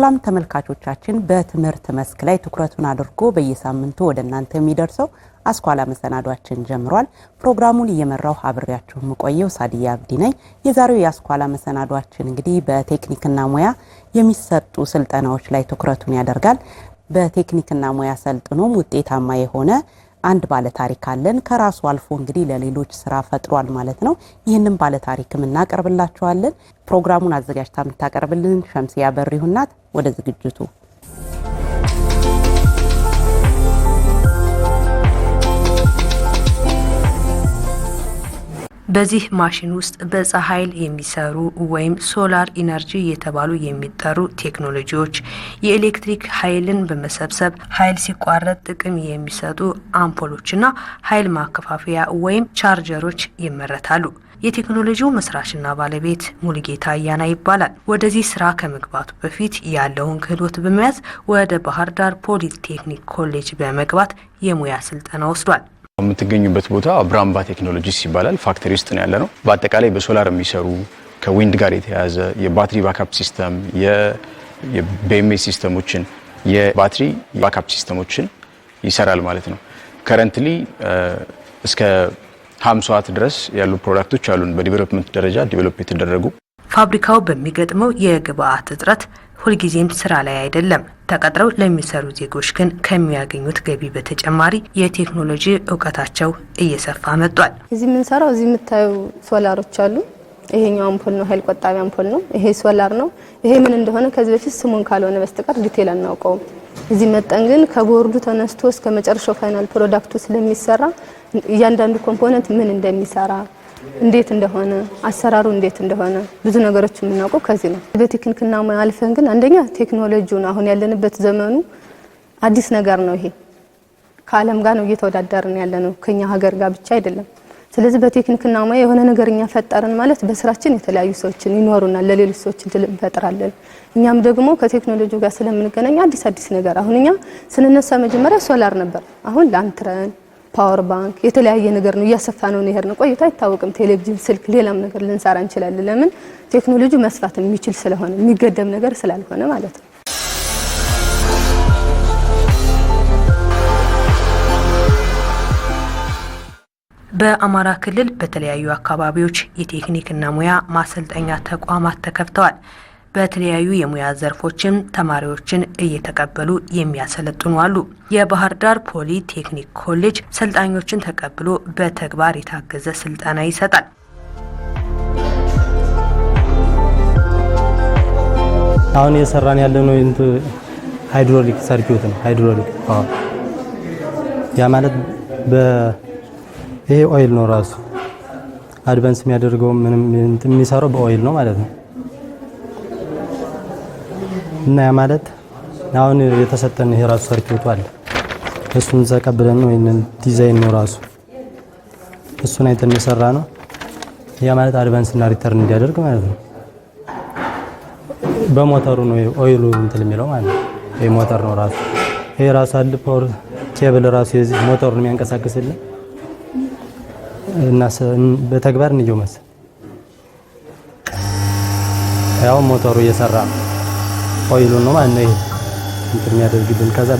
ሰላም ተመልካቾቻችን፣ በትምህርት መስክ ላይ ትኩረቱን አድርጎ በየሳምንቱ ወደ እናንተ የሚደርሰው አስኳላ መሰናዷችን ጀምሯል። ፕሮግራሙን እየመራው አብሬያችሁ የምቆየው ሳድያ አብዲ ነኝ። የዛሬው የአስኳላ መሰናዷችን እንግዲህ በቴክኒክና ሙያ የሚሰጡ ስልጠናዎች ላይ ትኩረቱን ያደርጋል። በቴክኒክና ሙያ ሰልጥኖም ውጤታማ የሆነ አንድ ባለታሪክ አለን። ከራሱ አልፎ እንግዲህ ለሌሎች ስራ ፈጥሯል ማለት ነው። ባለ ባለታሪክም እናቀርብላችኋለን። ፕሮግራሙን አዘጋጅታ የምታቀርብልን ሸምሲያ በሪሁናት ወደ ዝግጅቱ በዚህ ማሽን ውስጥ በፀሐይ ኃይል የሚሰሩ ወይም ሶላር ኢነርጂ የተባሉ የሚጠሩ ቴክኖሎጂዎች የኤሌክትሪክ ኃይልን በመሰብሰብ ኃይል ሲቋረጥ ጥቅም የሚሰጡ አምፖሎችና ኃይል ማከፋፈያ ወይም ቻርጀሮች ይመረታሉ። የቴክኖሎጂው መስራችና ባለቤት ሙሉጌታ አያና ይባላል። ወደዚህ ስራ ከመግባቱ በፊት ያለውን ክህሎት በመያዝ ወደ ባህር ዳር ፖሊቴክኒክ ኮሌጅ በመግባት የሙያ ስልጠና ወስዷል። የምትገኙበት ቦታ ብራምባ ቴክኖሎጂስ ይባላል። ፋክተሪ ውስጥ ነው ያለ ነው። በአጠቃላይ በሶላር የሚሰሩ ከዊንድ ጋር የተያያዘ የባትሪ ባካፕ ሲስተም፣ የቤሜ ሲስተሞችን፣ የባትሪ ባካፕ ሲስተሞችን ይሰራል ማለት ነው። ከረንትሊ እስከ 50 ዋት ድረስ ያሉ ፕሮዳክቶች አሉን በዲቨሎፕመንት ደረጃ ዲቨሎፕ የተደረጉ ፋብሪካው በሚገጥመው የግብአት እጥረት ሁልጊዜም ስራ ላይ አይደለም። ተቀጥረው ለሚሰሩ ዜጎች ግን ከሚያገኙት ገቢ በተጨማሪ የቴክኖሎጂ እውቀታቸው እየሰፋ መጥቷል። እዚህ የምንሰራው እዚህ የምታዩ ሶላሮች አሉ። ይሄኛው አምፖል ነው፣ ኃይል ቆጣቢ አምፖል ነው። ይሄ ሶላር ነው። ይሄ ምን እንደሆነ ከዚህ በፊት ስሙን ካልሆነ በስተቀር ዲቴል አናውቀውም። እዚህ መጠን ግን ከቦርዱ ተነስቶ እስከ መጨረሻው ፋይናል ፕሮዳክቱ ስለሚሰራ እያንዳንዱ ኮምፖነንት ምን እንደሚሰራ እንዴት እንደሆነ አሰራሩ እንዴት እንደሆነ ብዙ ነገሮች የምናውቀው ከዚህ ነው። በቴክኒክና ሙያ አልፈን ግን አንደኛ ቴክኖሎጂውን አሁን ያለንበት ዘመኑ አዲስ ነገር ነው። ይሄ ከዓለም ጋር ነው እየተወዳደርን ያለ ነው፣ ከኛ ሀገር ጋር ብቻ አይደለም። ስለዚህ በቴክኒክና ሙያ የሆነ ነገር እኛ ፈጠርን ማለት በስራችን የተለያዩ ሰዎችን ይኖሩናል፣ ለሌሎች ሰዎች እድል እንፈጥራለን። እኛም ደግሞ ከቴክኖሎጂ ጋር ስለምንገናኝ አዲስ አዲስ ነገር አሁን እኛ ስንነሳ መጀመሪያ ሶላር ነበር፣ አሁን ላንትረን ፓወር ባንክ የተለያየ ነገር ነው እያሰፋ ነው ነው ቆይቶ አይታወቅም። ቴሌቪዥን፣ ስልክ፣ ሌላም ነገር ልንሰራ እንችላለን። ለምን ቴክኖሎጂ መስፋት የሚችል ስለሆነ የሚገደም ነገር ስላልሆነ ማለት ነው። በአማራ ክልል በተለያዩ አካባቢዎች የቴክኒክና ሙያ ማሰልጠኛ ተቋማት ተከፍተዋል። በተለያዩ የሙያ ዘርፎችም ተማሪዎችን እየተቀበሉ የሚያሰለጥኑ አሉ። የባህር ዳር ፖሊ ቴክኒክ ኮሌጅ ሰልጣኞችን ተቀብሎ በተግባር የታገዘ ስልጠና ይሰጣል። አሁን እየሰራን ያለነው ሃይድሮሊክ ሰርኪዩት ነው። ሃይድሮሊክ ያ ማለት በይሄ ኦይል ነው ራሱ አድቫንስ የሚያደርገው ምንም የሚሰራው በኦይል ነው ማለት ነው። እና ያ ማለት አሁን የተሰጠን ይሄ ራሱ ሰርኪውቱ አለ። እሱን ተቀብለን ወይንም ዲዛይን ነው ራሱ እሱን አይተን የሰራ ነው። ያ ማለት አድቫንስ እና ሪተርን እንዲያደርግ ማለት ነው። በሞተሩ ነው ኦይሉ እንትን የሚለው ማለት ነው። ይሄ ሞተር ነው ራሱ ይሄ ራሱ አለ ፖር ኬብል ራሱ የዚህ ሞተሩን የሚያንቀሳቅስልን እና በተግባር እንየው መሰል ያው ሞተሩ እየሰራ ነው። ኦይሉ ነው ማለት ነው። ይሄ እንትን የሚያደርግልን ከዛ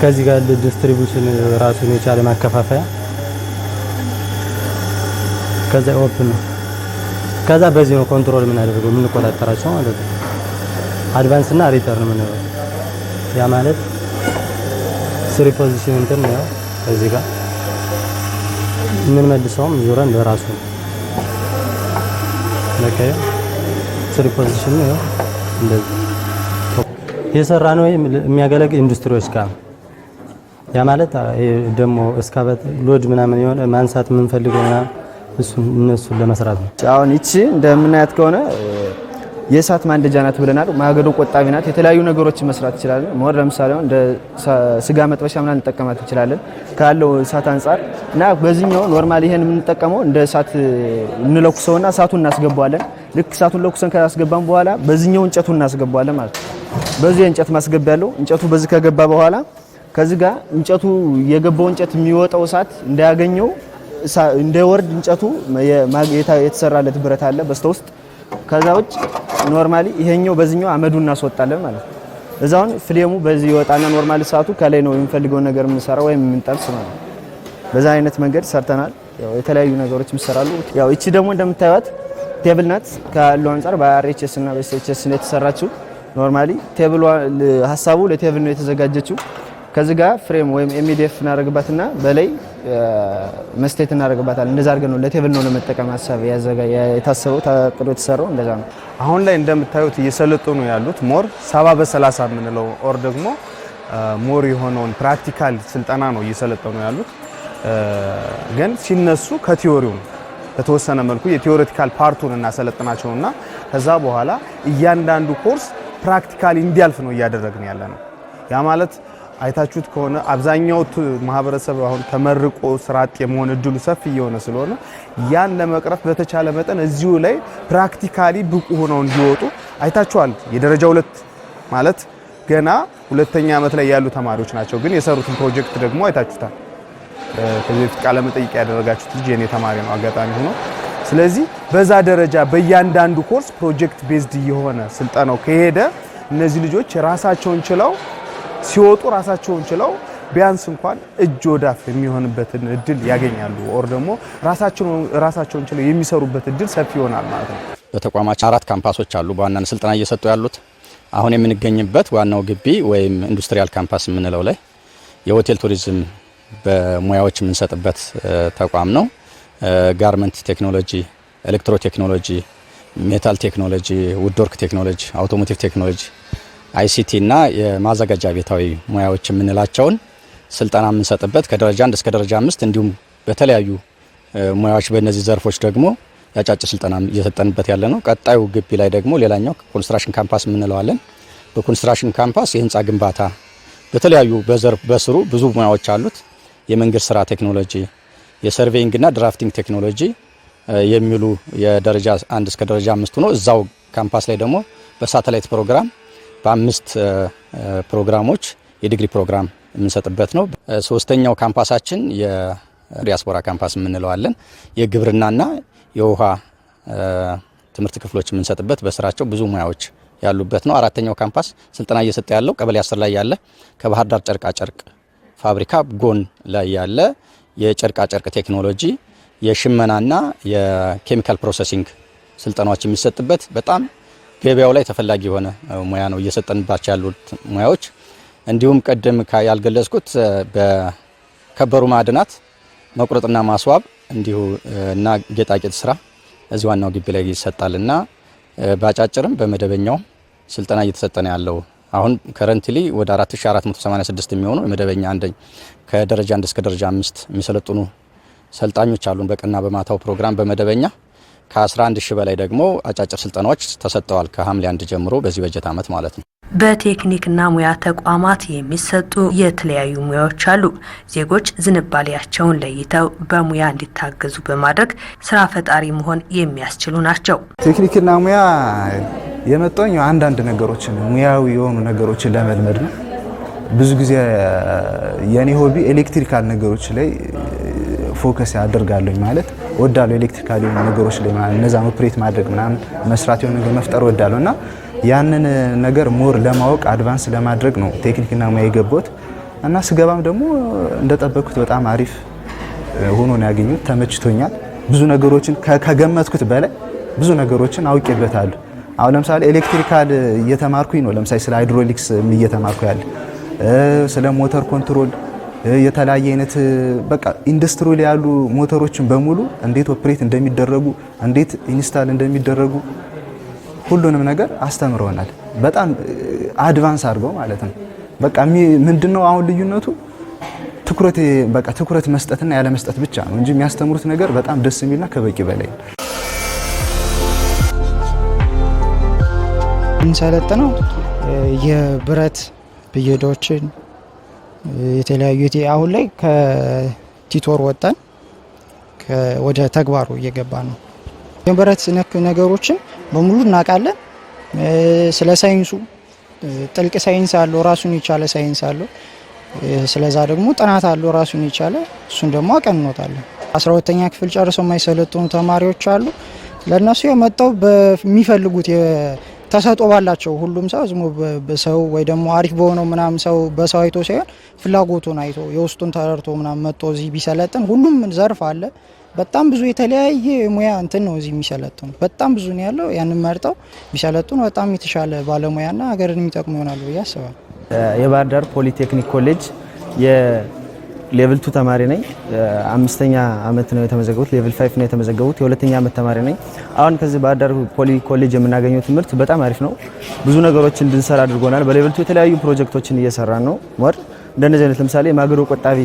ከዚህ ጋር ዲስትሪቢዩሽን ራሱን የቻለ ማከፋፈያ ከዛ ኦፕን ነው። ከዛ በዚህ ነው ኮንትሮል የምናደርገው የምንቆጣጠራቸው ማለት ነው። አድቫንስ እና ሪተርን ምን ነው ያ ማለት ስሪ ፖዚሽን እንትን ነው። ከዚህ ጋር የምንመልሰውም ዙረን ለራሱ ነው። ለከየ ስሪ ፖዚሽን ነው እንደዚህ የሰራ ነው የሚያገለግል ኢንዱስትሪዎች ጋር ያ ማለት ደግሞ እስካበት ሎድ ምናምን የሆነ ማንሳት የምንፈልገው እነሱን ለመስራት ነው። አሁን ይቺ እንደምናያት ከሆነ የእሳት ማንደጃ ናት ብለናል። ማገዶ ቆጣቢ ናት። የተለያዩ ነገሮችን መስራት ይችላል። ሞር ለምሳሌ እንደ ስጋ መጥበሻ ምናምን እንጠቀማት እንችላለን ካለው እሳት አንጻር እና በዚህኛው ኖርማል ይሄን የምንጠቀመው እንደ እሳት እንለኩሰውና እሳቱን እናስገባዋለን ልክ እሳቱን ለኩሰን ካስገባን በኋላ በዚህኛው እንጨቱን እናስገባዋለን ማለት ነው። በዚህ የእንጨት ማስገቢያ ያለው እንጨቱ በዚህ ከገባ በኋላ ከዚህ ጋር እንጨቱ የገባው እንጨት የሚወጣው እሳት እንዳያገኘው እንዳይወርድ እንጨቱ የተሰራለት ብረት አለ በስተ ውስጥ። ከዛ ውጭ ኖርማሊ ይሄኛው በዚህኛው አመዱ እናስወጣለን ማለት ነው። እዛውን ፍሌሙ በዚህ ይወጣና ኖርማሊ እሳቱ ከላይ ነው የሚፈልገውን ነገር የምንሰራው ወይም የምንጠብስ ማለት ነው። በዛ አይነት መንገድ ሰርተናል። ያው የተለያዩ ነገሮች ይሰራሉ። ያው እቺ ደግሞ እንደምታዩት ቴብል ናት ካለው አንጻር በአርኤችኤስ እና በኤስኤችኤስ ነው የተሰራችው። ኖርማሊ ቴብሏ ሀሳቡ ለቴብል ነው የተዘጋጀችው። ከዚህ ጋር ፍሬም ወይም ኤምዲኤፍ እናደርግባትና በላይ መስቴት እናደርግባታል። እንደዛ አድርገን ነው ለቴብል ነው ለመጠቀም ሀሳብ የታሰበው ታቅዶ የተሰራው እንደዛ ነው። አሁን ላይ እንደምታዩት እየሰለጡ ነው ያሉት ሞር ሰባ በሰላሳ የምንለው ኦር ደግሞ ሞር የሆነውን ፕራክቲካል ስልጠና ነው እየሰለጠኑ ያሉት ግን ሲነሱ ከቲዮሪው ነው በተወሰነ መልኩ የቴዎሬቲካል ፓርቱን እናሰለጥናቸውና ከዛ በኋላ እያንዳንዱ ኮርስ ፕራክቲካሊ እንዲያልፍ ነው እያደረግን ያለ ነው። ያ ማለት አይታችሁት ከሆነ አብዛኛው ማህበረሰብ አሁን ተመርቆ ስራ አጥ የመሆን እድሉ ሰፊ እየሆነ ስለሆነ ያን ለመቅረፍ በተቻለ መጠን እዚሁ ላይ ፕራክቲካሊ ብቁ ሆነው እንዲወጡ አይታችኋል። የደረጃ ሁለት ማለት ገና ሁለተኛ ዓመት ላይ ያሉ ተማሪዎች ናቸው፣ ግን የሰሩትን ፕሮጀክት ደግሞ አይታችሁታል። ከዚህ በፊት ቃለ መጠይቅ ያደረጋችሁት ልጅ የኔ ተማሪ ነው አጋጣሚ ሆኖ። ስለዚህ በዛ ደረጃ በእያንዳንዱ ኮርስ ፕሮጀክት ቤዝድ የሆነ ስልጠናው ከሄደ እነዚህ ልጆች ራሳቸውን ችለው ሲወጡ ራሳቸውን ችለው ቢያንስ እንኳን እጅ ወዳፍ የሚሆንበትን እድል ያገኛሉ። ኦር ደግሞ ራሳቸውን ችለው የሚሰሩበት እድል ሰፊ ይሆናል ማለት ነው። በተቋማችን አራት ካምፓሶች አሉ በዋናነት ስልጠና እየሰጡ ያሉት። አሁን የምንገኝበት ዋናው ግቢ ወይም ኢንዱስትሪያል ካምፓስ የምንለው ላይ የሆቴል ቱሪዝም በሙያዎች የምንሰጥበት ተቋም ነው። ጋርመንት ቴክኖሎጂ፣ ኤሌክትሮ ቴክኖሎጂ፣ ሜታል ቴክኖሎጂ፣ ውድወርክ ቴክኖሎጂ፣ አውቶሞቲቭ ቴክኖሎጂ፣ አይሲቲ እና የማዘጋጃ ቤታዊ ሙያዎች የምንላቸውን ስልጠና የምንሰጥበት ከደረጃ አንድ እስከ ደረጃ አምስት እንዲሁም በተለያዩ ሙያዎች በእነዚህ ዘርፎች ደግሞ ያጫጭር ስልጠና እየሰጠንበት ያለ ነው። ቀጣዩ ግቢ ላይ ደግሞ ሌላኛው ኮንስትራክሽን ካምፓስ የምንለዋለን። በኮንስትራክሽን ካምፓስ የህንፃ ግንባታ በተለያዩ በዘርፍ በስሩ ብዙ ሙያዎች አሉት። የመንገድ ስራ ቴክኖሎጂ፣ የሰርቬይንግና ድራፍቲንግ ቴክኖሎጂ የሚሉ የደረጃ አንድ እስከ ደረጃ አምስት ሆኖ እዛው ካምፓስ ላይ ደግሞ በሳተላይት ፕሮግራም በአምስት ፕሮግራሞች የዲግሪ ፕሮግራም የምንሰጥበት ነው። ሶስተኛው ካምፓሳችን የዲያስፖራ ካምፓስ የምንለዋለን። የግብርናና የውሃ ትምህርት ክፍሎች የምንሰጥበት በስራቸው ብዙ ሙያዎች ያሉበት ነው። አራተኛው ካምፓስ ስልጠና እየሰጠ ያለው ቀበሌ አስር ላይ ያለ ከባህር ዳር ጨርቃ ጨርቅ ፋብሪካ ጎን ላይ ያለ የጨርቃጨርቅ ቴክኖሎጂ የሽመናና የኬሚካል ፕሮሰሲንግ ስልጠናዎች የሚሰጥበት በጣም ገበያው ላይ ተፈላጊ የሆነ ሙያ ነው እየሰጠንባቸው ያሉት ሙያዎች። እንዲሁም ቀደም ያልገለጽኩት በከበሩ ማዕድናት መቁረጥና ማስዋብ እንዲሁ እና ጌጣጌጥ ስራ እዚህ ዋናው ግቢ ላይ ይሰጣልና በአጫጭርም በመደበኛው ስልጠና እየተሰጠነ ያለው አሁን ከረንትሊ ወደ 4486 የሚሆኑ የመደበኛ አንደኝ ከደረጃ አንድ እስከ ደረጃ አምስት የሚሰለጥኑ ሰልጣኞች አሉን። በቀንና በማታው ፕሮግራም በመደበኛ ከ11 ሺህ በላይ ደግሞ አጫጭር ስልጠናዎች ተሰጠዋል። ከሐምሌ አንድ ጀምሮ በዚህ በጀት ዓመት ማለት ነው። በቴክኒክና ሙያ ተቋማት የሚሰጡ የተለያዩ ሙያዎች አሉ። ዜጎች ዝንባሌያቸውን ለይተው በሙያ እንዲታገዙ በማድረግ ስራ ፈጣሪ መሆን የሚያስችሉ ናቸው። ቴክኒክና ሙያ የመጣኝ አንዳንድ ነገሮችን ሙያዊ የሆኑ ነገሮችን ለመልመድ ነው። ብዙ ጊዜ የኔ ሆቢ ኤሌክትሪካል ነገሮች ላይ ፎከስ ያደርጋለኝ ማለት ወዳለሁ። ኤሌክትሪካል የሆኑ ነገሮች ላይ ማለት ኦፕሬት ማድረግ ምናምን መስራት የሆነ ነገር መፍጠር ወዳለሁ እና ያንን ነገር ሞር ለማወቅ አድቫንስ ለማድረግ ነው ቴክኒክና ሙያ የገባሁት እና ስገባም ደግሞ እንደጠበቅኩት በጣም አሪፍ ሆኖ ነው ያገኙት። ተመችቶኛል። ብዙ ነገሮችን ከገመትኩት በላይ ብዙ ነገሮችን አውቄበታለሁ። አሁን ለምሳሌ ኤሌክትሪካል እየተማርኩኝ ነው። ለምሳሌ ስለ ሃይድሮሊክስ እየተማርኩ ያለ ስለ ሞተር ኮንትሮል የተለያየ አይነት በቃ ኢንዱስትሪ ላይ ያሉ ሞተሮችን በሙሉ እንዴት ኦፕሬት እንደሚደረጉ እንዴት ኢንስታል እንደሚደረጉ ሁሉንም ነገር አስተምረውናል። በጣም አድቫንስ አድርገው ማለት ነው። በቃ ምንድነው አሁን ልዩነቱ ትኩረት በቃ ትኩረት መስጠትና ያለ መስጠት ብቻ ነው እንጂ የሚያስተምሩት ነገር በጣም ደስ የሚልና ከበቂ በላይ የምንሰለጥነው የብረት ብየዳዎችን የተለያዩ አሁን ላይ ከቲቶር ወጠን ወደ ተግባሩ እየገባ ነው። የብረት ነክ ነገሮችን በሙሉ እናውቃለን። ስለ ሳይንሱ ጥልቅ ሳይንስ አለው፣ ራሱን የቻለ ሳይንስ አለው። ስለዛ ደግሞ ጥናት አለው፣ ራሱን የቻለ እሱን ደግሞ አቀንኖታለን። አስራ ሁለተኛ ክፍል ጨርሰው የማይሰለጥኑ ተማሪዎች አሉ። ለእነሱ የመጣው በሚፈልጉት ተሰጦ ባላቸው ሁሉም ሰው ዝሞ በሰው ወይ ደግሞ አሪፍ በሆነው ምናምን ሰው በሰው አይቶ ሳይሆን ፍላጎቱን አይቶ የውስጡን ተረድቶ ምናምን መጥቶ እዚህ ቢሰለጥን ሁሉም ዘርፍ አለ። በጣም ብዙ የተለያየ ሙያ እንትን ነው እዚህ የሚሰለጥኑ በጣም ብዙ ነው ያለው። ያንን መርጠው ቢሰለጥኑ በጣም የተሻለ ባለሙያና ሀገርን የሚጠቅሙ ይሆናሉ ብዬ አስባለሁ። የባህር ዳር ፖሊቴክኒክ ኮሌጅ ሌቭል ቱ ተማሪ ነኝ። አምስተኛ ዓመት ነው የተመዘገቡት። ሌቭል ፋይፍ ነው የተመዘገቡት። የሁለተኛ አመት ተማሪ ነኝ። አሁን ከዚህ ባህር ዳር ፖሊ ኮሌጅ የምናገኘው ትምህርት በጣም አሪፍ ነው። ብዙ ነገሮች እንድንሰራ አድርጎናል። በሌቭል ቱ የተለያዩ ፕሮጀክቶችን እየሰራን ነው። ወር እንደነዚህ አይነት ለምሳሌ የማገዶ ቆጣቢ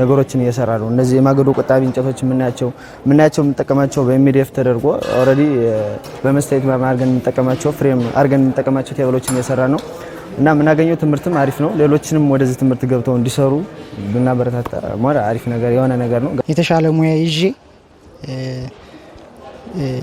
ነገሮችን እየሰራ ነው። እነዚህ የማገዶ ቆጣቢ እንጨቶች የምናያቸው የምናያቸው የምንጠቀማቸው በኤምዲኤፍ ተደርጎ ኦልሬዲ በመስታየት አድርገን የምንጠቀማቸው ፍሬም አድርገን የምንጠቀማቸው ቴብሎችን እየሰራ ነው እና የምናገኘው ትምህርትም አሪፍ ነው። ሌሎችንም ወደዚህ ትምህርት ገብተው እንዲሰሩ ብናበረታታ አሪፍ ነገር የሆነ ነገር ነው። የተሻለ ሙያ ይዤ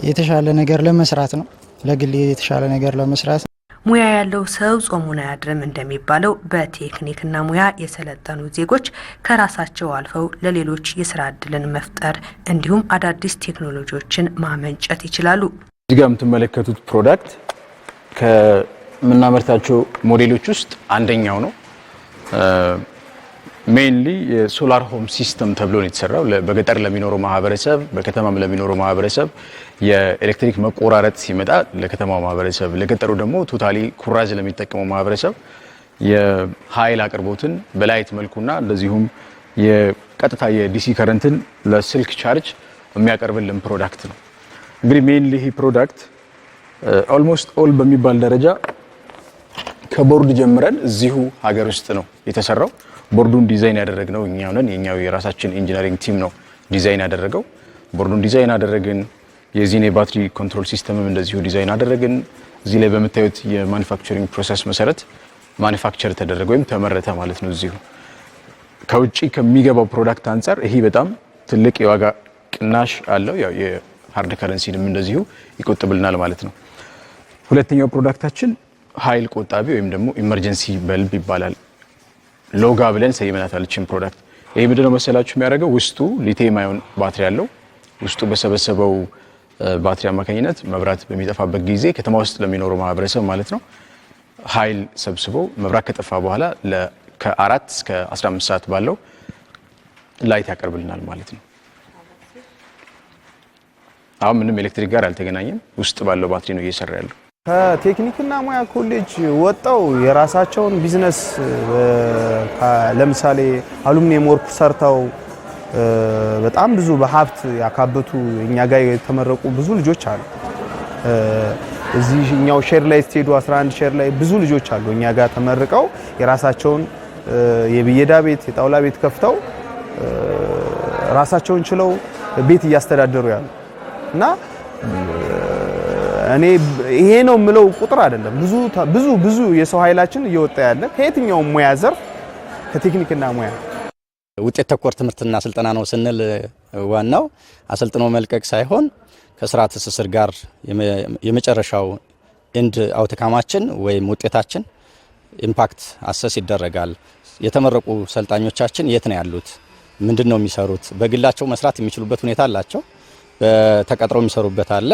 የተሻለ ነገር ለመስራት ነው። ለግል የተሻለ ነገር ለመስራት ሙያ ያለው ሰው ጾሙን አያድርም እንደሚባለው በቴክኒክና ሙያ የሰለጠኑ ዜጎች ከራሳቸው አልፈው ለሌሎች የስራ እድልን መፍጠር እንዲሁም አዳዲስ ቴክኖሎጂዎችን ማመንጨት ይችላሉ። እዚህ ጋር የምትመለከቱት ፕሮዳክት የምናመርታቸው ሞዴሎች ውስጥ አንደኛው ነው። ሜይንሊ የሶላር ሆም ሲስተም ተብሎ ነው የተሰራው። በገጠር ለሚኖረው ማህበረሰብ፣ በከተማም ለሚኖረው ማህበረሰብ የኤሌክትሪክ መቆራረጥ ሲመጣ ለከተማው ማህበረሰብ፣ ለገጠሩ ደግሞ ቶታሊ ኩራዝ ለሚጠቀመው ማህበረሰብ የኃይል አቅርቦትን በላይት መልኩና እንደዚሁም የቀጥታ የዲሲ ከረንትን ለስልክ ቻርጅ የሚያቀርብልን ፕሮዳክት ነው። እንግዲህ ሜንሊ ይህ ፕሮዳክት ኦልሞስት ኦል በሚባል ደረጃ ከቦርድ ጀምረን እዚሁ ሀገር ውስጥ ነው የተሰራው። ቦርዱን ዲዛይን ያደረግነው እኛው ነን። የኛው የራሳችን ኢንጂነሪንግ ቲም ነው ዲዛይን ያደረገው። ቦርዱን ዲዛይን አደረግን። የዚህን የባትሪ ኮንትሮል ሲስተምም እንደዚሁ ዲዛይን አደረግን። እዚህ ላይ በምታዩት የማኒፋክቸሪንግ ፕሮሰስ መሰረት ማኒፋክቸር ተደረገ ወይም ተመረተ ማለት ነው። እዚሁ ከውጭ ከሚገባው ፕሮዳክት አንጻር ይሄ በጣም ትልቅ የዋጋ ቅናሽ አለው። የሀርድ ከረንሲንም እንደዚሁ ይቆጥብልናል ማለት ነው። ሁለተኛው ፕሮዳክታችን ኃይል ቆጣቢ ወይም ደግሞ ኢመርጀንሲ በልብ ይባላል። ሎጋ ብለን ሰይመናታል ፕሮዳክት። ይህ ምንድነው መሰላችሁ የሚያደርገው ውስጡ ሊቲየም አዮን ባትሪ አለው። ውስጡ በሰበሰበው ባትሪ አማካኝነት መብራት በሚጠፋበት ጊዜ ከተማ ውስጥ ለሚኖረው ማህበረሰብ ማለት ነው ኃይል ሰብስቦ መብራት ከጠፋ በኋላ ከአራት እስከ 15 ሰዓት ባለው ላይት ያቀርብልናል ማለት ነው። አሁን ምንም ኤሌክትሪክ ጋር አልተገናኘም። ውስጥ ባለው ባትሪ ነው እየሰራ ያለው። ከቴክኒክና ሙያ ኮሌጅ ወጣው የራሳቸውን ቢዝነስ ለምሳሌ አሉሚኒየም ወርክ ሰርተው በጣም ብዙ በሀብት ያካበቱ እኛ ጋር የተመረቁ ብዙ ልጆች አሉ። እዚህ ሼር ላይ ስትሄዱ 11 ሼር ላይ ብዙ ልጆች አሉ እኛ ጋር ተመርቀው የራሳቸውን የብየዳ ቤት የጣውላ ቤት ከፍተው ራሳቸውን ችለው ቤት እያስተዳደሩ ያሉ እና እኔ ይሄ ነው የምለው ቁጥር አይደለም። ብዙ ብዙ ብዙ የሰው ኃይላችን እየወጣ ያለ ከየትኛውም ሙያ ዘርፍ ከቴክኒክና ሙያ ውጤት ተኮር ትምህርትና ስልጠና ነው ስንል ዋናው አሰልጥኖ መልቀቅ ሳይሆን ከስራ ትስስር ጋር የመጨረሻው ኤንድ አውትካማችን ወይም ውጤታችን ኢምፓክት አሰስ ይደረጋል። የተመረቁ ሰልጣኞቻችን የት ነው ያሉት? ምንድን ነው የሚሰሩት? በግላቸው መስራት የሚችሉበት ሁኔታ አላቸው። በተቀጥሮ የሚሰሩበት አለ።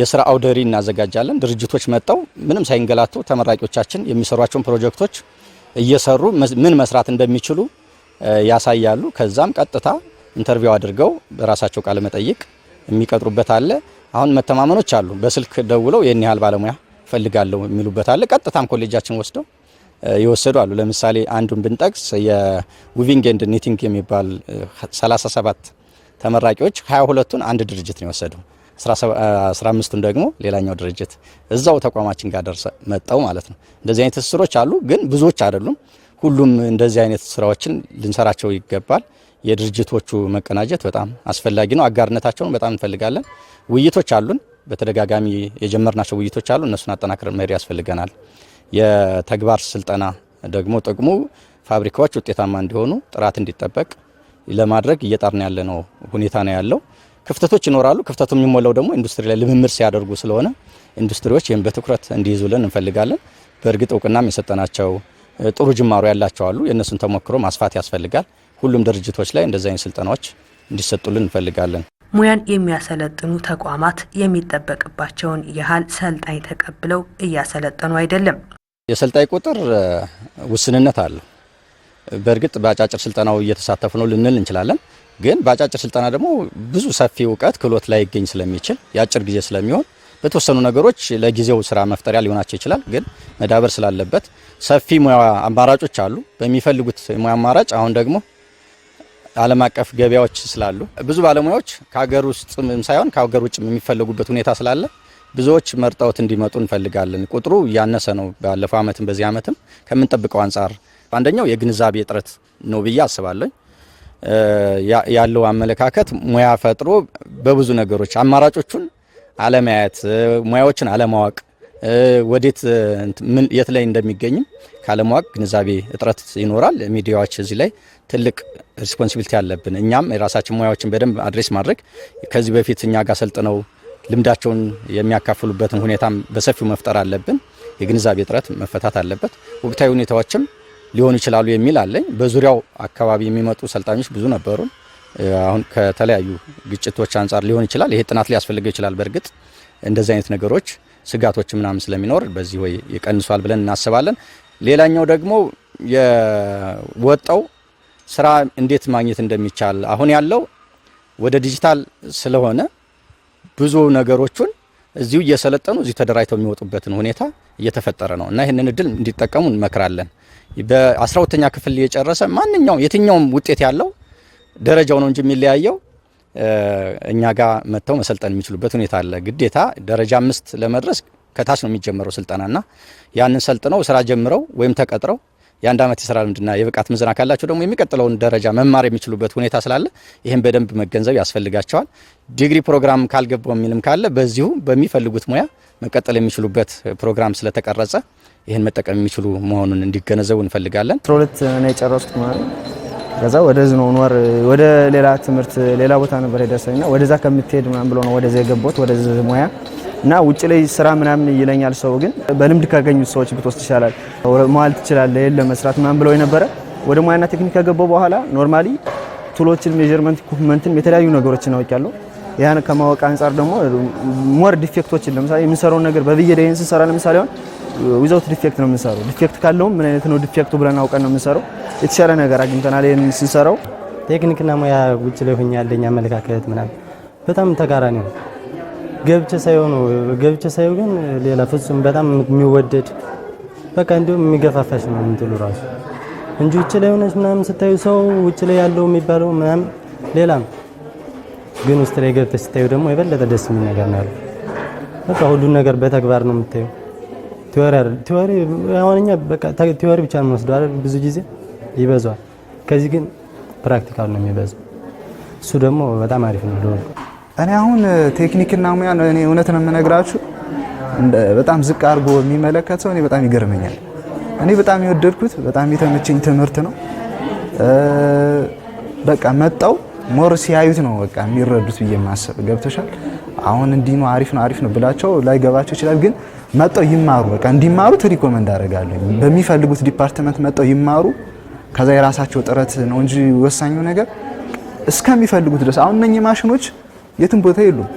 የስራ አውደ ርዕይ እናዘጋጃለን። ድርጅቶች መጥተው ምንም ሳይንገላቱ ተመራቂዎቻችን የሚሰሯቸውን ፕሮጀክቶች እየሰሩ ምን መስራት እንደሚችሉ ያሳያሉ። ከዛም ቀጥታ ኢንተርቪው አድርገው በራሳቸው ቃለ መጠይቅ የሚቀጥሩበት አለ። አሁን መተማመኖች አሉ። በስልክ ደውለው ይህን ያህል ባለሙያ ፈልጋለሁ የሚሉበት አለ። ቀጥታም ኮሌጃችን ወስደው ይወሰዱ አሉ። ለምሳሌ አንዱን ብንጠቅስ የዊቪንግ ኤንድ ኒቲንግ የሚባል 37 ተመራቂዎች 22ቱን አንድ ድርጅት ነው የወሰደው። 15 ደግሞ ሌላኛው ድርጅት እዛው ተቋማችን ጋር ደርሰ መጣው ማለት ነው። እንደዚህ አይነት ትስስሮች አሉ፣ ግን ብዙዎች አይደሉም። ሁሉም እንደዚህ አይነት ስራዎችን ልንሰራቸው ይገባል። የድርጅቶቹ መቀናጀት በጣም አስፈላጊ ነው። አጋርነታቸውን በጣም እንፈልጋለን። ውይይቶች አሉን፣ በተደጋጋሚ የጀመርናቸው ውይይቶች አሉ። እነሱን አጠናክር መሪ ያስፈልገናል። የተግባር ስልጠና ደግሞ ጥቅሙ ፋብሪካዎች ውጤታማ እንዲሆኑ ጥራት እንዲጠበቅ ለማድረግ እየጣርን ነው ሁኔታ ነው ያለው። ክፍተቶች ይኖራሉ። ክፍተቱ የሚሞላው ደግሞ ኢንዱስትሪ ላይ ልምምድ ሲያደርጉ ስለሆነ ኢንዱስትሪዎች ይህም በትኩረት እንዲይዙልን እንፈልጋለን። በእርግጥ እውቅናም የሰጠናቸው ጥሩ ጅማሮ ያላቸው አሉ። የእነሱን ተሞክሮ ማስፋት ያስፈልጋል። ሁሉም ድርጅቶች ላይ እንደዚህ አይነት ስልጠናዎች እንዲሰጡልን እንፈልጋለን። ሙያን የሚያሰለጥኑ ተቋማት የሚጠበቅባቸውን ያህል ሰልጣኝ ተቀብለው እያሰለጠኑ አይደለም። የሰልጣኝ ቁጥር ውስንነት አለው። በእርግጥ በአጫጭር ስልጠናው እየተሳተፉ ነው ልንል እንችላለን። ግን በአጫጭር ስልጠና ደግሞ ብዙ ሰፊ እውቀት ክህሎት ላይ ይገኝ ስለሚችል የአጭር ጊዜ ስለሚሆን በተወሰኑ ነገሮች ለጊዜው ስራ መፍጠሪያ ሊሆናቸው ይችላል። ግን መዳበር ስላለበት ሰፊ ሙያ አማራጮች አሉ። በሚፈልጉት ሙያ አማራጭ አሁን ደግሞ ዓለም አቀፍ ገበያዎች ስላሉ ብዙ ባለሙያዎች ከሀገር ውስጥም ሳይሆን ከሀገር ውጭ የሚፈለጉበት ሁኔታ ስላለ ብዙዎች መርጠውት እንዲመጡ እንፈልጋለን። ቁጥሩ እያነሰ ነው። ባለፈው ዓመትም በዚህ ዓመትም ከምንጠብቀው አንጻር አንደኛው የግንዛቤ እጥረት ነው ብዬ አስባለኝ። ያለው አመለካከት ሙያ ፈጥሮ በብዙ ነገሮች አማራጮቹን አለማየት፣ ሙያዎችን አለማወቅ፣ ወዴት የት ላይ እንደሚገኝም ካለማወቅ ግንዛቤ እጥረት ይኖራል። ሚዲያዎች እዚህ ላይ ትልቅ ሪስፖንሲቢሊቲ አለብን። እኛም የራሳችን ሙያዎችን በደንብ አድሬስ ማድረግ ከዚህ በፊት እኛ ጋር ሰልጥነው ልምዳቸውን የሚያካፍሉበትን ሁኔታም በሰፊው መፍጠር አለብን። የግንዛቤ እጥረት መፈታት አለበት። ወቅታዊ ሁኔታዎችም ሊሆኑ ይችላሉ የሚል አለኝ። በዙሪያው አካባቢ የሚመጡ ሰልጣኞች ብዙ ነበሩ። አሁን ከተለያዩ ግጭቶች አንጻር ሊሆን ይችላል። ይሄ ጥናት ሊያስፈልገው ይችላል። በእርግጥ እንደዚህ አይነት ነገሮች ስጋቶች ምናምን ስለሚኖር በዚህ ወይ ይቀንሷል ብለን እናስባለን። ሌላኛው ደግሞ የወጣው ስራ እንዴት ማግኘት እንደሚቻል አሁን ያለው ወደ ዲጂታል ስለሆነ ብዙ ነገሮቹን እዚሁ እየሰለጠኑ እዚሁ ተደራጅተው የሚወጡበትን ሁኔታ እየተፈጠረ ነው እና ይህንን እድል እንዲጠቀሙ እንመክራለን። በአስራ ሁለተኛ ክፍል የጨረሰ ማንኛውም የትኛውም ውጤት ያለው ደረጃው ነው እንጂ የሚለያየው እኛ ጋር መጥተው መሰልጠን የሚችሉበት ሁኔታ አለ። ግዴታ ደረጃ አምስት ለመድረስ ከታች ነው የሚጀመረው ስልጠናና ያንን ሰልጥነው ስራ ጀምረው ወይም ተቀጥረው የአንድ ዓመት የስራ ልምድና የብቃት ምዘና ካላቸው ደግሞ የሚቀጥለውን ደረጃ መማር የሚችሉበት ሁኔታ ስላለ ይህም በደንብ መገንዘብ ያስፈልጋቸዋል። ዲግሪ ፕሮግራም ካልገባው የሚልም ካለ በዚሁ በሚፈልጉት ሙያ መቀጠል የሚችሉበት ፕሮግራም ስለተቀረጸ ይህን መጠቀም የሚችሉ መሆኑን እንዲገነዘቡ እንፈልጋለን። አስራ ሁለት ነው የጨረስኩት ማለት ከዛ ወደ ዝኖን ወር ወደ ሌላ ትምህርት ሌላ ቦታ ነበር የደረሰኝና ወደዛ ከምትሄድ ምናምን ብሎ ነው ወደዚ የገባሁት ወደዚ ሙያ እና ውጭ ላይ ስራ ምናምን ይለኛል ሰው ግን በልምድ ካገኙት ሰዎች ብትወስድ ይሻላል መዋል ትችላለህ የለ መስራት ምናምን ብለው የነበረ ወደ ሙያና ቴክኒክ ከገባሁ በኋላ ኖርማሊ ቱሎችን፣ ሜጀርመንት፣ ኢኩፕመንትን የተለያዩ ነገሮችን አውቃለሁ። ያን ከማወቅ አንጻር ደግሞ ሞር ዲፌክቶችን ለምሳሌ የምንሰራውን ነገር በብየዳ ይህን ስንሰራ ለምሳሌ ሆን ዊዛውት ዲፌክት ነው የምንሰራው። ዲፌክት ካለውም ምን አይነት ነው ዲፌክቱ ብለን አውቀን ነው የምንሰራው። የተሻለ ነገር አግኝተናል ይሄን ስንሰራው። ቴክኒክና ሙያ ውጭ ላይ ሆኜ ያለኝ አመለካከት ምናምን በጣም ተቃራኒ ነው። ገብቼ ሳይሆን ነው ገብቼ ሳየው ግን ሌላ ፍጹም በጣም የሚወደድ በቃ እንዲሁም የሚገፋፋሽ ነው እንትሉ ራሱ እንጂ ውጭ ላይ ሆነሽ ምናምን ስታዩ ሰው ውጭ ላይ ያለው የሚባለው ምናምን ሌላ ነው፣ ግን ውስጥ ላይ ገብተሽ ስታዩ ደግሞ የበለጠ ደስ የሚል ነገር ነው ያለው። በቃ ሁሉን ነገር በተግባር ነው የምታየው። ቲዮሪ አይደል ቲዮሪ አሁን እኛ በቃ ቲዮሪ ብቻ ነው የምንወስደው አይደል ብዙ ጊዜ ይበዛዋል። ከዚህ ግን ፕራክቲካል ነው የሚበዛው። እሱ ደግሞ በጣም አሪፍ ነው ለሁሉ። እኔ አሁን ቴክኒክና ሙያ እኔ እውነት ነው የምነግራችሁ በጣም ዝቅ አድርጎ የሚመለከት ሰው እኔ በጣም ይገርመኛል። እኔ በጣም የወደድኩት በጣም የተመቸኝ ትምህርት ነው። በቃ መጣው ሞር ሲያዩት ነው በቃ የሚረዱት ብዬ ማሰብ ገብቶሻል። አሁን እንዲህ ነው አሪፍ ነው አሪፍ ነው ብላቸው ላይገባቸው ይችላል ግን መጠው ይማሩ። በቃ እንዲማሩ ትሪኮመንድ አደርጋለሁ። በሚፈልጉት ዲፓርትመንት መጠው ይማሩ። ከዛ የራሳቸው ጥረት ነው እንጂ ወሳኙ ነገር እስከሚፈልጉት ድረስ አሁን እነኚህ ማሽኖች የትም ቦታ የሉም።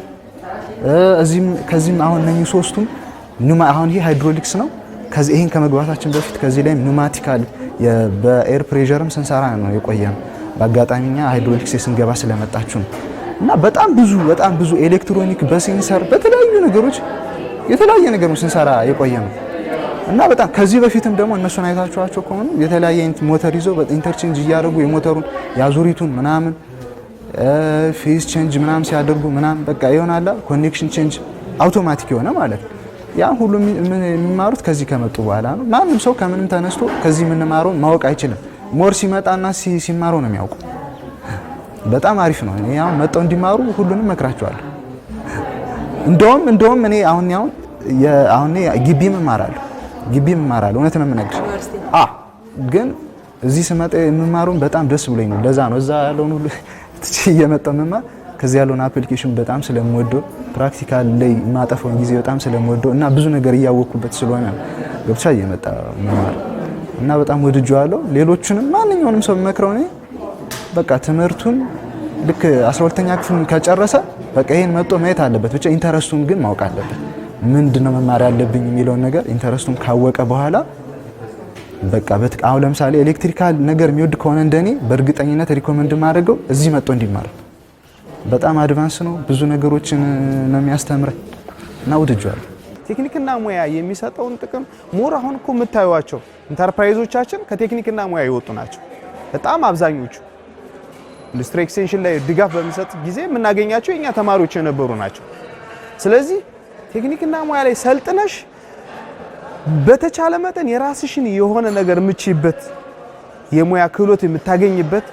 እዚህም ከዚህም አሁን እነኚህ ሶስቱም ኑማ አሁን ይሄ ሃይድሮሊክስ ነው። ከዚህ ይሄን ከመግባታችን በፊት ከዚህ ላይ ኑማቲካል በኤር ፕሬሸርም ስንሰራ ነው የቆየም። በአጋጣሚኛ ሃይድሮሊክስ ስንገባ ስለመጣችሁ ነው እና በጣም ብዙ በጣም ብዙ ኤሌክትሮኒክ በሴንሰር በተለያዩ ነገሮች የተለያየ ነገር ስንሰራ የቆየ ነው እና በጣም ከዚህ በፊትም ደግሞ እነሱን አይታችኋቸው ከሆኑ የተለያየ አይነት ሞተር ይዘው ኢንተርቼንጅ እያደረጉ የሞተሩን የአዙሪቱን ምናምን ፌዝ ቼንጅ ምናምን ሲያደርጉ ምናምን በቃ ይሆናል ኮኔክሽን ቼንጅ አውቶማቲክ የሆነ ማለት ነው። ያ ሁሉ የሚማሩት ከዚህ ከመጡ በኋላ ነው። ማንም ሰው ከምንም ተነስቶ ከዚህ የምንማረው ማወቅ አይችልም። ሞር ሲመጣና ሲማረው ነው የሚያውቁ። በጣም አሪፍ ነው። ያው መጠው እንዲማሩ ሁሉንም መክራቸዋለሁ። እንደውም እንደውም እኔ አሁን ያው አሁን ግቢም እማራለሁ ግቢም እማራለሁ እውነት ነው የምነግርሽ። አ ግን እዚህ ስመጣ የምማሩን በጣም ደስ ብሎኝ ነው። ለዛ ነው እዛ ያለውን ሁሉ ትቼ እየመጣሁ የምማር ከዚህ ያለውን አፕሊኬሽን በጣም ስለምወደው ፕራክቲካል ላይ የማጠፈውን ጊዜ በጣም ስለምወደው እና ብዙ ነገር እያወቅኩበት ስለሆነ ገብቻ እየመጣ መማር እና በጣም ወድጄዋለሁ። ሌሎቹንም ማንኛውንም ሰው መክረው እኔ በቃ ትምህርቱን ልክ 12ኛ ክፍል ከጨረሰ በቃ ይሄን መጦ ማየት አለበት። ብቻ ኢንተረስቱን ግን ማወቅ አለበት። ምንድነው መማር ያለብኝ የሚለውን ነገር ኢንተረስቱን ካወቀ በኋላ በቃ በትቃ አሁን ለምሳሌ ኤሌክትሪካል ነገር የሚወድ ከሆነ እንደኔ በእርግጠኝነት ሪኮመንድ ማድረገው እዚህ መጥቶ እንዲማር በጣም አድቫንስ ነው። ብዙ ነገሮችን ነው የሚያስተምረን እና ውድጀዋለሁ። ቴክኒክና ሙያ የሚሰጠውን ጥቅም ሞር አሁን እኮ የምታዩቸው ኢንተርፕራይዞቻችን ከቴክኒክና ሙያ የወጡ ናቸው በጣም አብዛኞቹ። ኢንዱስትሪ ኤክስቴንሽን ላይ ድጋፍ በሚሰጥ ጊዜ የምናገኛቸው እኛ ተማሪዎች የነበሩ ናቸው። ስለዚህ ቴክኒክና ሙያ ላይ ሰልጥነሽ በተቻለ መጠን የራስሽን የሆነ ነገር የምችይበት የሙያ ክህሎት የምታገኝበት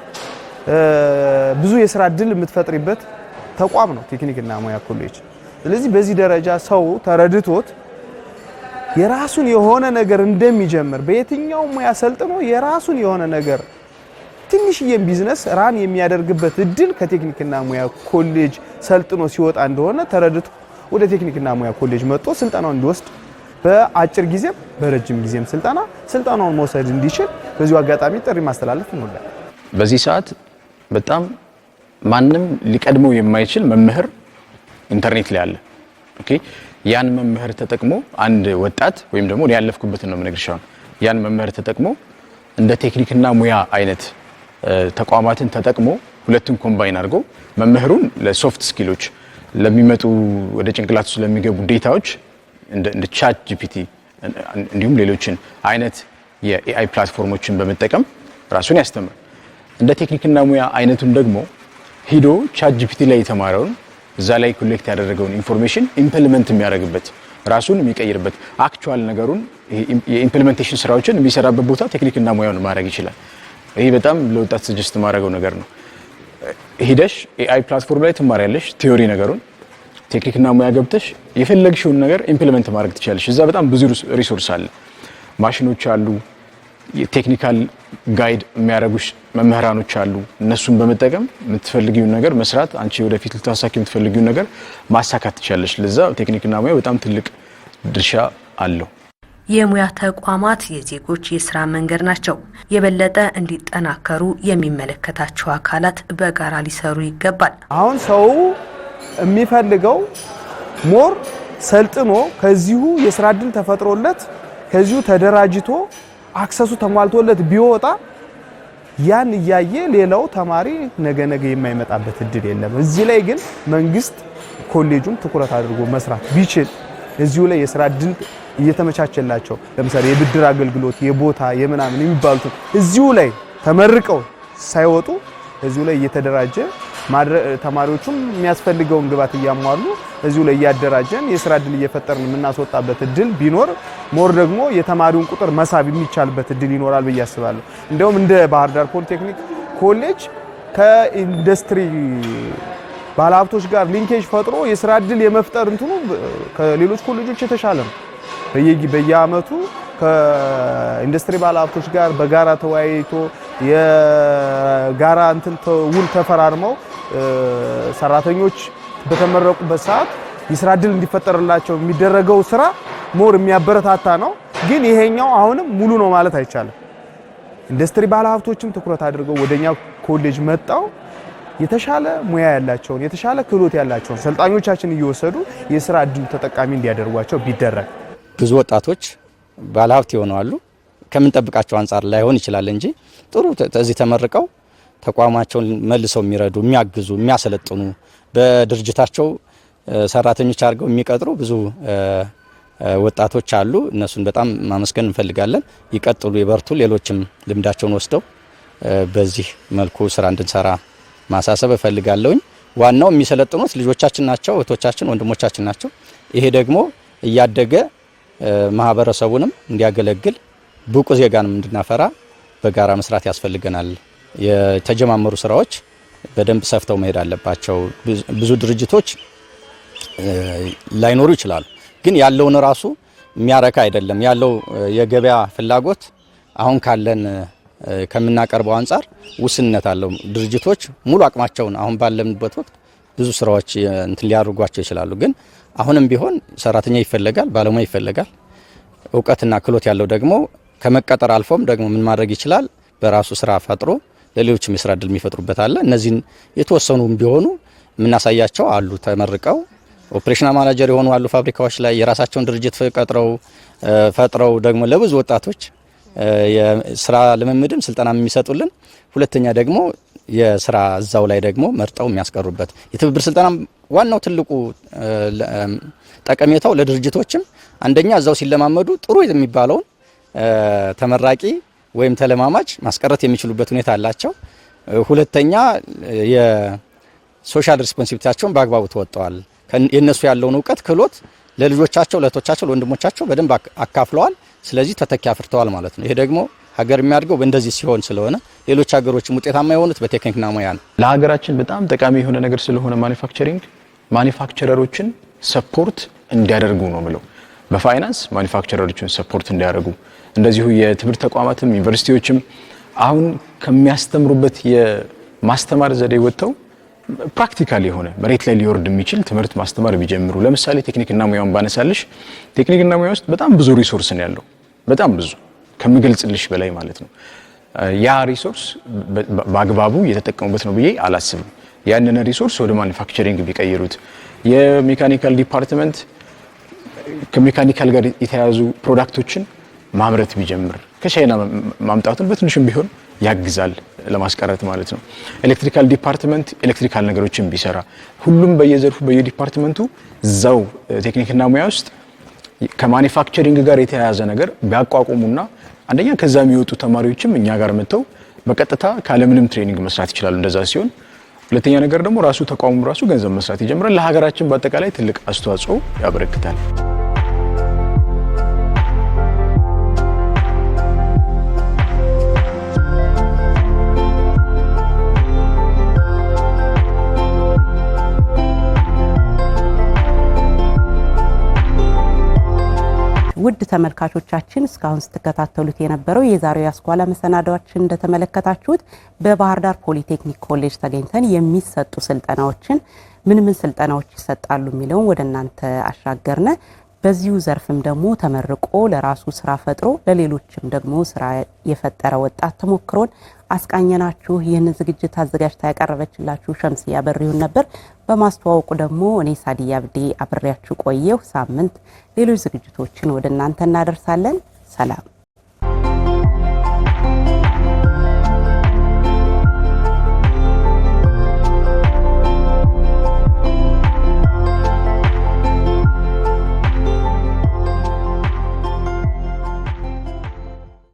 ብዙ የስራ እድል የምትፈጥሪበት ተቋም ነው ቴክኒክና ሙያ ኮሌጅ። ስለዚህ በዚህ ደረጃ ሰው ተረድቶት የራሱን የሆነ ነገር እንደሚጀምር በየትኛው ሙያ ሰልጥኖ የራሱን የሆነ ነገር ትንሽዬም ቢዝነስ ራን የሚያደርግበት እድል ከቴክኒክና ሙያ ኮሌጅ ሰልጥኖ ሲወጣ እንደሆነ ተረድቶ ወደ ቴክኒክና ሙያ ኮሌጅ መጥቶ ስልጠናውን እንዲወስድ በአጭር ጊዜም በረጅም ጊዜም ስልጠና ስልጠናውን መውሰድ እንዲችል በዚሁ አጋጣሚ ጥሪ ማስተላለፍ እንወዳለን። በዚህ ሰዓት በጣም ማንም ሊቀድመው የማይችል መምህር ኢንተርኔት ላይ አለ። ኦኬ ያን መምህር ተጠቅሞ አንድ ወጣት ወይም ደግሞ ያለፍኩበትን ነው የምነግርሽ። ያን መምህር ተጠቅሞ እንደ ቴክኒክና ሙያ አይነት ተቋማትን ተጠቅሞ ሁለቱን ኮምባይን አድርጎ መምህሩን ለሶፍት ስኪሎች ለሚመጡ ወደ ጭንቅላት ውስጥ ለሚገቡ ዴታዎች እንደ ቻት ጂፒቲ እንዲሁም ሌሎችን አይነት የኤአይ ፕላትፎርሞችን በመጠቀም ራሱን ያስተምራል። እንደ ቴክኒክና ሙያ አይነቱን ደግሞ ሂዶ ቻት ጂፒቲ ላይ የተማረውን እዛ ላይ ኮሌክት ያደረገውን ኢንፎርሜሽን ኢምፕሊመንት የሚያደርግበት ራሱን የሚቀይርበት አክቹዋል ነገሩን የኢምፕሊመንቴሽን ስራዎችን የሚሰራበት ቦታ ቴክኒክና ሙያውን ማድረግ ይችላል። ይህ በጣም ለወጣት ስጅስት ማድረገው ነገር ነው። ሂደሽ ኤአይ ፕላትፎርም ላይ ትማሪያለሽ ቴዎሪ ነገሩን፣ ቴክኒክና ሙያ ገብተሽ የፈለግሽውን ነገር ኢምፕሊመንት ማድረግ ትችላለሽ። እዛ በጣም ብዙ ሪሶርስ አለ፣ ማሽኖች አሉ፣ የቴክኒካል ጋይድ የሚያደርጉሽ መምህራኖች አሉ። እነሱን በመጠቀም የምትፈልጊውን ነገር መስራት፣ አንቺ ወደፊት ልታሳኪ የምትፈልጊውን ነገር ማሳካት ትችላለሽ። ለዛ ቴክኒክና ሙያ በጣም ትልቅ ድርሻ አለው። የሙያ ተቋማት የዜጎች የስራ መንገድ ናቸው። የበለጠ እንዲጠናከሩ የሚመለከታቸው አካላት በጋራ ሊሰሩ ይገባል። አሁን ሰው የሚፈልገው ሞር ሰልጥኖ ከዚሁ የስራ እድል ተፈጥሮለት ከዚሁ ተደራጅቶ አክሰሱ ተሟልቶለት ቢወጣ ያን እያየ ሌላው ተማሪ ነገ ነገ የማይመጣበት እድል የለም። እዚህ ላይ ግን መንግስት ኮሌጁም ትኩረት አድርጎ መስራት ቢችል እዚሁ ላይ የስራ እድል እየተመቻቸላቸው ለምሳሌ የብድር አገልግሎት፣ የቦታ የምናምን የሚባሉትን እዚሁ ላይ ተመርቀው ሳይወጡ እዚሁ ላይ እየተደራጀ ተማሪዎቹም የሚያስፈልገውን ግባት እያሟሉ እዚሁ ላይ እያደራጀን የስራ እድል እየፈጠርን የምናስወጣበት እድል ቢኖር ሞር ደግሞ የተማሪውን ቁጥር መሳብ የሚቻልበት እድል ይኖራል ብዬ አስባለሁ። እንዲሁም እንደ ባህር ዳር ፖሊቴክኒክ ኮሌጅ ከኢንዱስትሪ ባለሀብቶች ጋር ሊንኬጅ ፈጥሮ የስራ እድል የመፍጠር እንትኑ ከሌሎች ኮሌጆች የተሻለ ነው። በየአመቱ ከኢንዱስትሪ ባለሀብቶች ጋር በጋራ ተወያይቶ የጋራ እንትን ውል ተፈራርመው ሰራተኞች በተመረቁበት ሰዓት የስራ እድል እንዲፈጠርላቸው የሚደረገው ስራ ሞር የሚያበረታታ ነው። ግን ይሄኛው አሁንም ሙሉ ነው ማለት አይቻልም። ኢንዱስትሪ ባለሀብቶችም ትኩረት አድርገው ወደኛ ኮሌጅ መጣው የተሻለ ሙያ ያላቸውን የተሻለ ክህሎት ያላቸውን ሰልጣኞቻችን እየወሰዱ የስራ እድል ተጠቃሚ እንዲያደርጓቸው ቢደረግ ብዙ ወጣቶች ባለሀብት የሆኑ አሉ። ከምንጠብቃቸው አንጻር ላይሆን ይችላል እንጂ ጥሩ እዚህ ተመርቀው ተቋማቸውን መልሰው የሚረዱ የሚያግዙ፣ የሚያሰለጥኑ በድርጅታቸው ሰራተኞች አድርገው የሚቀጥሩ ብዙ ወጣቶች አሉ። እነሱን በጣም ማመስገን እንፈልጋለን። ይቀጥሉ፣ ይበርቱ። ሌሎችም ልምዳቸውን ወስደው በዚህ መልኩ ስራ እንድንሰራ ማሳሰብ እፈልጋለሁኝ። ዋናው የሚሰለጥኑት ልጆቻችን ናቸው፣ እህቶቻችን፣ ወንድሞቻችን ናቸው። ይሄ ደግሞ እያደገ ማህበረሰቡንም እንዲያገለግል ብቁ ዜጋንም እንድናፈራ በጋራ መስራት ያስፈልገናል። የተጀማመሩ ስራዎች በደንብ ሰፍተው መሄድ አለባቸው። ብዙ ድርጅቶች ላይኖሩ ይችላሉ፣ ግን ያለውን ራሱ የሚያረካ አይደለም። ያለው የገበያ ፍላጎት አሁን ካለን ከምናቀርበው አንጻር ውስንነት አለው። ድርጅቶች ሙሉ አቅማቸውን አሁን ባለምንበት ወቅት ብዙ ስራዎች እንትን ሊያደርጓቸው ይችላሉ ግን አሁንም ቢሆን ሰራተኛ ይፈለጋል፣ ባለሙያ ይፈለጋል። እውቀትና ክህሎት ያለው ደግሞ ከመቀጠር አልፎም ደግሞ ምን ማድረግ ይችላል? በራሱ ስራ ፈጥሮ ለሌሎች የስራ እድል የሚፈጥሩበት አለ። እነዚህን የተወሰኑ ቢሆኑ የምናሳያቸው አሉ። ተመርቀው ኦፕሬሽናል ማናጀር የሆኑ አሉ። ፋብሪካዎች ላይ የራሳቸውን ድርጅት ቀጥረው ፈጥረው ደግሞ ለብዙ ወጣቶች የስራ ልምምድም ስልጠና የሚሰጡልን ሁለተኛ ደግሞ የስራ እዛው ላይ ደግሞ መርጠው የሚያስቀሩበት የትብብር ስልጠና ዋናው ትልቁ ጠቀሜታው ለድርጅቶችም አንደኛ እዛው ሲለማመዱ ጥሩ የሚባለውን ተመራቂ ወይም ተለማማጅ ማስቀረት የሚችሉበት ሁኔታ አላቸው። ሁለተኛ የሶሻል ሪስፖንሲቢሊቲያቸውን በአግባቡ ተወጥተዋል። የእነሱ ያለውን እውቀት፣ ክህሎት ለልጆቻቸው፣ ለእህቶቻቸው፣ ለወንድሞቻቸው በደንብ አካፍለዋል። ስለዚህ ተተኪ አፍርተዋል ማለት ነው። ይሄ ደግሞ ሀገር የሚያድገው በእንደዚህ ሲሆን ስለሆነ ሌሎች ሀገሮችም ውጤታማ የሆኑት በቴክኒክና ሙያ ነው። ለሀገራችን በጣም ጠቃሚ የሆነ ነገር ስለሆነ ማኒፋክቸሪንግ ማኒፋክቸረሮችን ሰፖርት እንዲያደርጉ ነው ምለው በፋይናንስ ማኒፋክቸረሮችን ሰፖርት እንዲያደርጉ እንደዚሁ የትምህርት ተቋማትም ዩኒቨርሲቲዎችም አሁን ከሚያስተምሩበት የማስተማር ዘዴ ወጥተው ፕራክቲካል የሆነ መሬት ላይ ሊወርድ የሚችል ትምህርት ማስተማር ቢጀምሩ። ለምሳሌ ቴክኒክና ሙያውን ባነሳልሽ፣ ቴክኒክና ሙያ ውስጥ በጣም ብዙ ሪሶርስ ነው ያለው። በጣም ብዙ ከሚገልጽልሽ በላይ ማለት ነው። ያ ሪሶርስ በአግባቡ እየተጠቀሙበት ነው ብዬ አላስብም። ያንን ሪሶርስ ወደ ማኒፋክቸሪንግ ቢቀይሩት፣ የሜካኒካል ዲፓርትመንት ከሜካኒካል ጋር የተያያዙ ፕሮዳክቶችን ማምረት ቢጀምር ከቻይና ማምጣቱን በትንሹም ቢሆን ያግዛል ለማስቀረት ማለት ነው። ኤሌክትሪካል ዲፓርትመንት ኤሌክትሪካል ነገሮችን ቢሰራ ሁሉም በየዘርፉ በየዲፓርትመንቱ እዛው ቴክኒክና ሙያ ውስጥ ከማኒፋክቸሪንግ ጋር የተያያዘ ነገር ቢያቋቁሙና አንደኛ ከዛ የሚወጡ ተማሪዎችም እኛ ጋር መጥተው በቀጥታ ካለምንም ትሬኒንግ መስራት ይችላሉ። እንደዛ ሲሆን ሁለተኛ ነገር ደግሞ ራሱ ተቋሙ ራሱ ገንዘብ መስራት ይጀምራል። ለሀገራችን በአጠቃላይ ትልቅ አስተዋጽኦ ያበረክታል። ውድ ተመልካቾቻችን እስካሁን ስትከታተሉት የነበረው የዛሬው የአስኳላ መሰናዳዎችን እንደተመለከታችሁት በባህር ዳር ፖሊቴክኒክ ኮሌጅ ተገኝተን የሚሰጡ ስልጠናዎችን ምን ምን ስልጠናዎች ይሰጣሉ የሚለውን ወደ እናንተ አሻገርነ። በዚሁ ዘርፍም ደግሞ ተመርቆ ለራሱ ስራ ፈጥሮ ለሌሎችም ደግሞ ስራ የፈጠረ ወጣት ተሞክሮን አስቃኘናችሁ። ይህንን ዝግጅት አዘጋጅታ ያቀረበችላችሁ ሸምስያ በሪሁን ነበር። በማስተዋወቁ ደግሞ እኔ ሳዲያ ብዴ አብሬያችሁ ቆየሁ። ሳምንት ሌሎች ዝግጅቶችን ወደ እናንተ እናደርሳለን። ሰላም